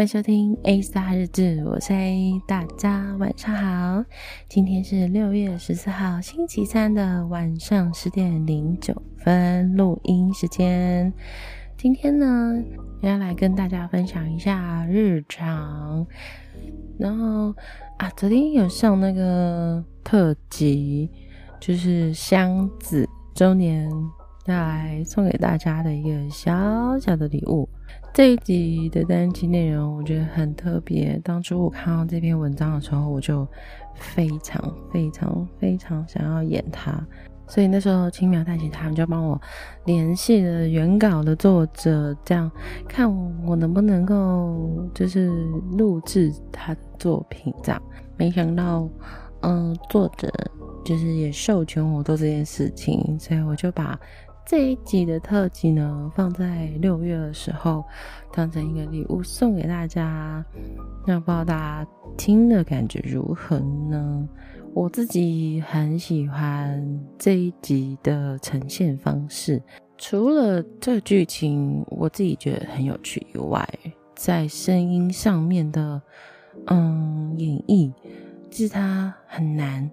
歡迎收聽《A Star 日誌》，我是 A，大家晚上好。今天是六月十四號星期三的晚上十點零九分，錄音時間。今天呢，要來跟大家分享一下日常。然後啊，昨天有上那個特輯，就是箱子周年。來送給大家的一個小小的禮物。這一集的單集內容，我覺得很特別。當初我看到這篇文章的時候，我就非常非常非常想要演它。所以那時候輕描淡寫，他們就幫我聯繫了原稿的作者，這樣看我能不能夠就是錄制他的作品。這樣沒想到，嗯，作者就是也授權我做這件事情，所以我就把。這一集的特輯呢，放在六月的時候，當成一個禮物送給大家，那不知道大家聽的感覺如何呢？我自己很喜歡這一集的呈現方式，除了這個劇情我自己覺得很有趣以外，在聲音上面的嗯演繹，其實它很難，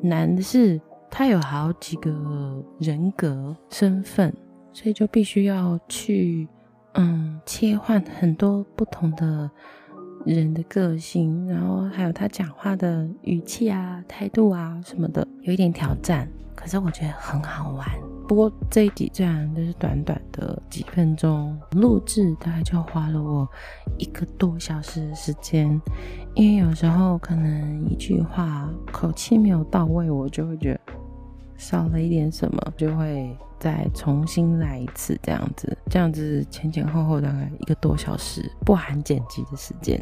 難的是。他有好幾個人格身份，所以就必須要去嗯切換很多不同的人的個性，然後還有他講話的語氣啊、態度啊什麼的，有一點挑戰，可是我覺得很好玩。不過這一集就都是短短的幾分鐘，錄製大概就花了我一個多小時的時間，因為有時候可能一句話口氣沒有到位，我就會覺得。少了一點什麼，就會再重新來一次，這樣子，這樣子前前後後大概一個多小時，不含剪輯的時間，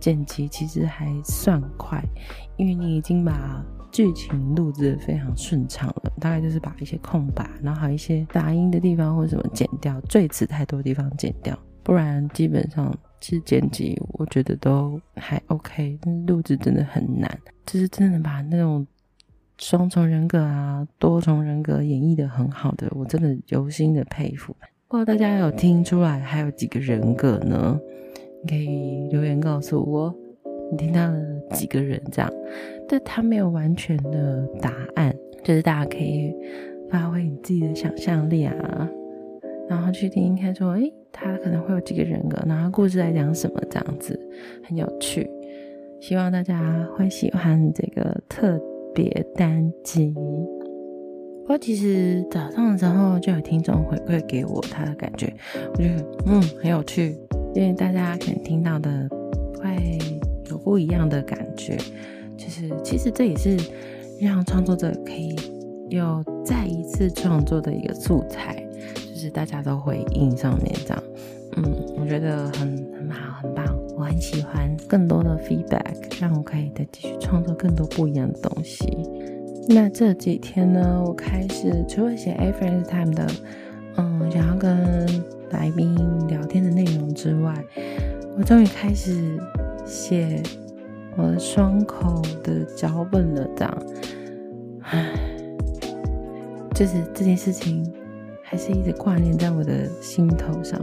剪輯其實還算快，因為你已經把劇情錄制的非常順暢了，大概就是把一些空白，然後還有一些雜音的地方或者什麼剪掉，最次太多的地方剪掉，不然基本上是剪輯，我覺得都還 OK，但是錄制真的很難，就是真的把那種。雙重人格啊，多重人格演繹的很好的，我真的由心的佩服。不過大家有聽出來還有幾個人格呢？你可以留言告訴我，你聽到了幾個人這樣？但他沒有完全的答案，就是大家可以發揮你自己的想象力啊，然後去聽聽看說哎、欸，他可能會有幾個人格，然後故事在講什麼這樣子，很有趣。希望大家會喜歡這個特。別擔心。我其實早上的時候就有聽眾回饋給我的他的感覺，我覺得嗯，很有趣，因為大家可能聽到的會有不一樣的感覺，就是其實這也是讓創作者可以有再一次創作的一個素材，就是大家都回應上面這樣，嗯，我覺得很很好，很棒。我很喜歡更多的 feedback，讓我可以再繼續創作更多不一樣的東西。那這幾天呢，我開始除了寫 AFT 的，嗯，想要跟來賓聊天的內容之外，我終於開始寫我的雙口的腳本了。這樣，唉，就是這件事情還是一直掛念在我的心頭上。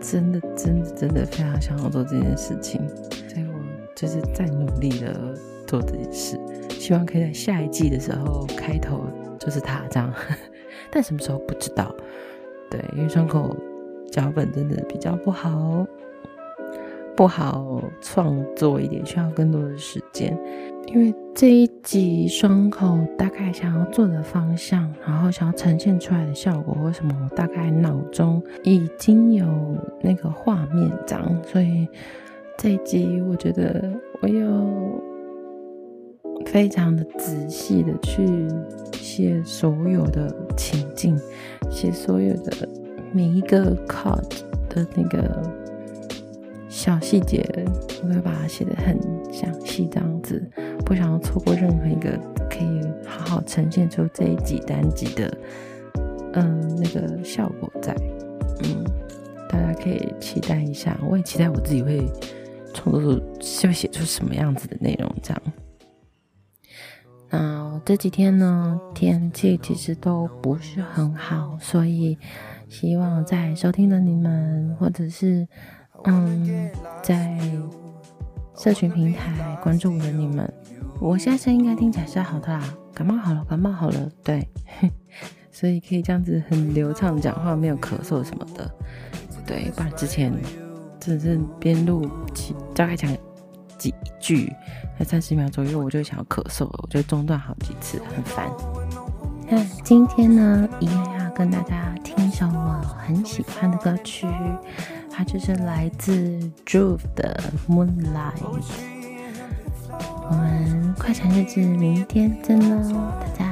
真的，真的真的非常想要做這件事情，所以我就是在努力的做這件事，希望可以在下一季的時候開頭就是他這樣，呵呵，但什麼時候不知道，對，因為雙口腳本真的比較不好，不好創作一點，需要更多的時間。因為這一集雙口大概想要做的方向，然後想要呈現出來的效果，或什麼，我大概腦中已經有那個畫面這樣，所以這一集我覺得我要非常的仔細的去寫所有的情境，寫所有的每一個 cut 的那個。小細節，我會把它寫得很詳細，這樣子，不想要錯過任何一個可以好好呈現出這一集單集的，嗯、呃，那個效果在，嗯，大家可以期待一下，我也期待我自己會創作出，是會寫出什麼樣子的內容，這樣。那這幾天呢，天氣其實都不是很好，所以希望在收聽的你們或者是。嗯，在社群平台關注我的你們，我現在聲音應該聽起來是好的啦，感冒好了，感冒好了，對， 所以可以這樣子很流暢的講話，沒有咳嗽什麼的，對，不然之前只是邊錄幾，大概講幾句，還有三十秒左右，我就想要咳嗽了，我就中斷好幾次，很煩。那、嗯、今天呢，也要跟大家聽一首我很喜歡的歌曲。它就是來自 dhruv 的 Moonlight，我們快閃日誌明天見嘍，大家。